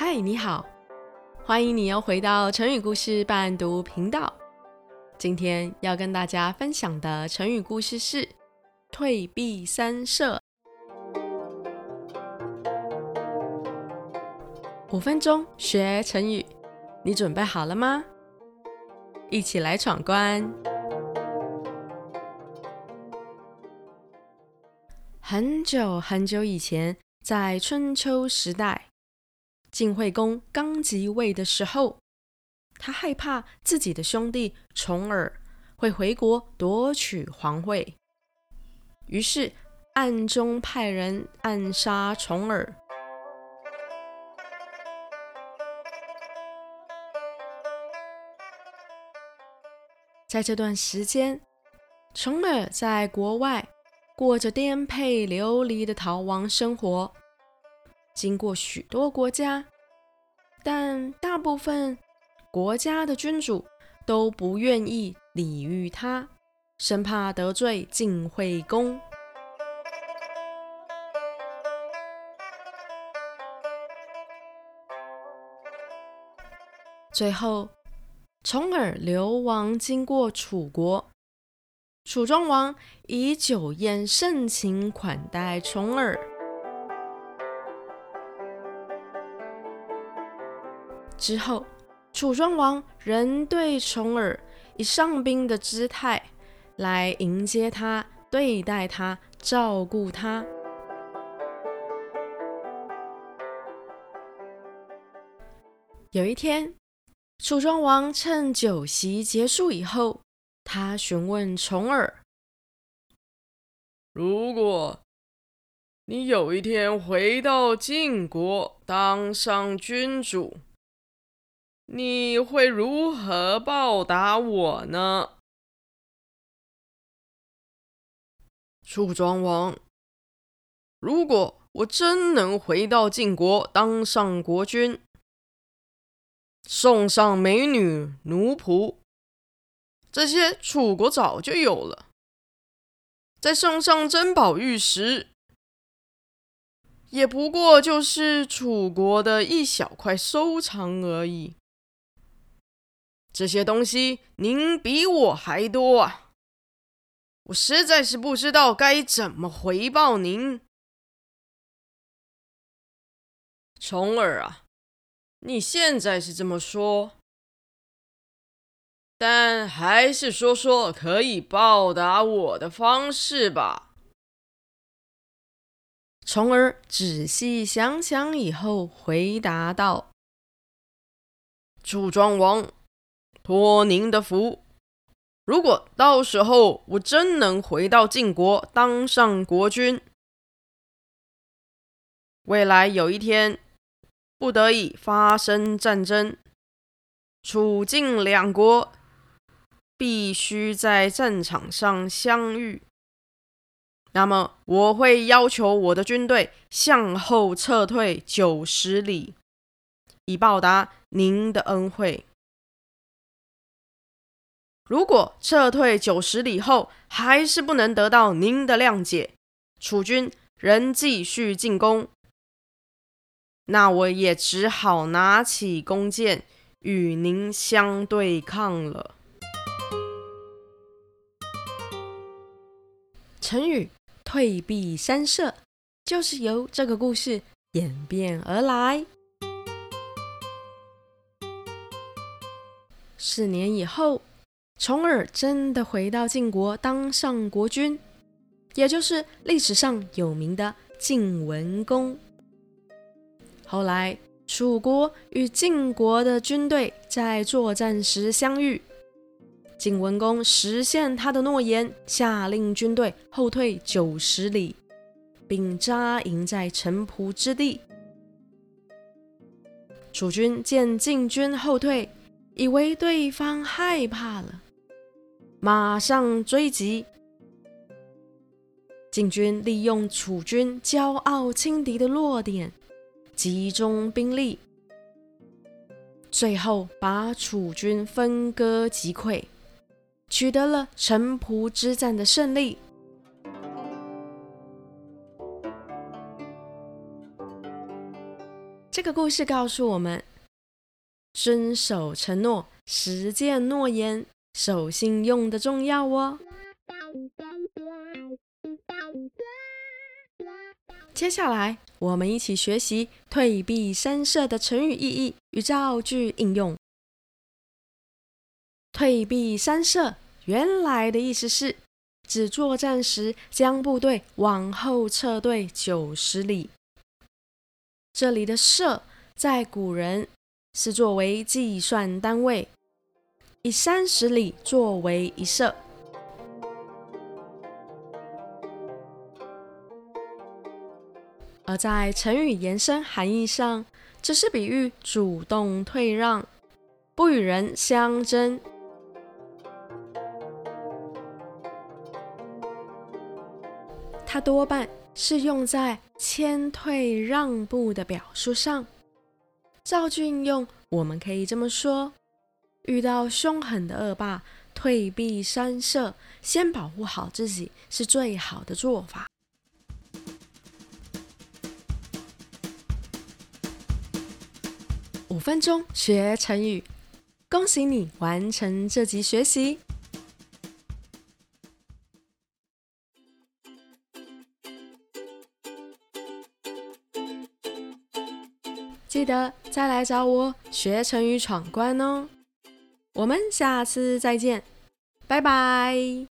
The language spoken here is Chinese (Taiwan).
嗨，Hi, 你好，歡迎你又回到成語故事伴讀頻道。今天要跟大家分享的成語故事是“退避三舍”。五分鐘學成語，你準備好了嗎？一起來闖關。很久很久以前，在春秋時代。晉惠公剛即位的時候，他害怕自己的兄弟重耳會回國奪取皇位，於是暗中派人暗殺重耳。在這段時間，重耳在國外過着顛沛流離的逃亡生活。經過許多國家，但大部分國家的君主都不願意禮遇他，生怕得罪晉惠公。最後，重耳流亡經過楚國，楚莊王以酒宴盛情款待重耳。之後，楚莊王仍對重耳以上賓的姿態來迎接他、對待他、照顧他。有一天，楚莊王趁酒席結束以後，他詢問重耳：“如果你有一天回到晉國當上君主，”你會如何報答我呢？楚莊王，如果我真能回到晉國當上國君，送上美女奴僕，這些楚國早就有了；再送上珍寶玉石，也不過就是楚國的一小塊收藏而已。這些東西您比我還多啊！我實在是不知道該怎麼回報您。重耳啊，你現在是這麼說，但還是說說可以報答我的方式吧。重耳仔細想想以後回答道：“楚莊王。”託您的福，如果到時候我真能回到晉國當上國君，未來有一天不得已發生戰爭，楚晉兩國必須在戰場上相遇，那麼我會要求我的軍隊向後撤退九十里，以報答您的恩惠。如果撤退九十里後還是不能得到您的諒解，楚軍仍繼續進攻，那我也只好拿起弓箭與您相對抗了。成語“退避三舍”就是由這個故事演變而來。四年以後。重耳真的回到晉國當上國君，也就是歷史上有名的晉文公。後來，楚國與晉國的軍隊在作戰時相遇，晉文公實現他的諾言，下令軍隊後退九十里，並紮營在城濮之地。楚軍見晉軍後退，以為對方害怕了。馬上追擊，晉軍利用楚軍驕傲輕敵的弱點，集中兵力，最後把楚軍分割擊潰，取得了城濮之戰的勝利。這個故事告訴我們：遵守承諾，實踐諾言。守信用的重要哦。接下來，我們一起學習“退避三舍”的成語意義與造句應用。“退避三舍”原來的意思是，指作戰時將部隊往後撤退九十里。這裡的“舍”在古人是作為計算單位。以三十里作為一舍，而在成語延伸含義上，只是比喻主動退讓，不與人相爭。它多半是用在謙退讓步的表述上。造句運用，我們可以這麼說。遇到兇狠的惡霸，退避三舍，先保護好自己是最好的做法。五分鐘學成語，恭喜你完成這集學習。記得再來找我學成語闖關哦。我們下次再見，拜拜。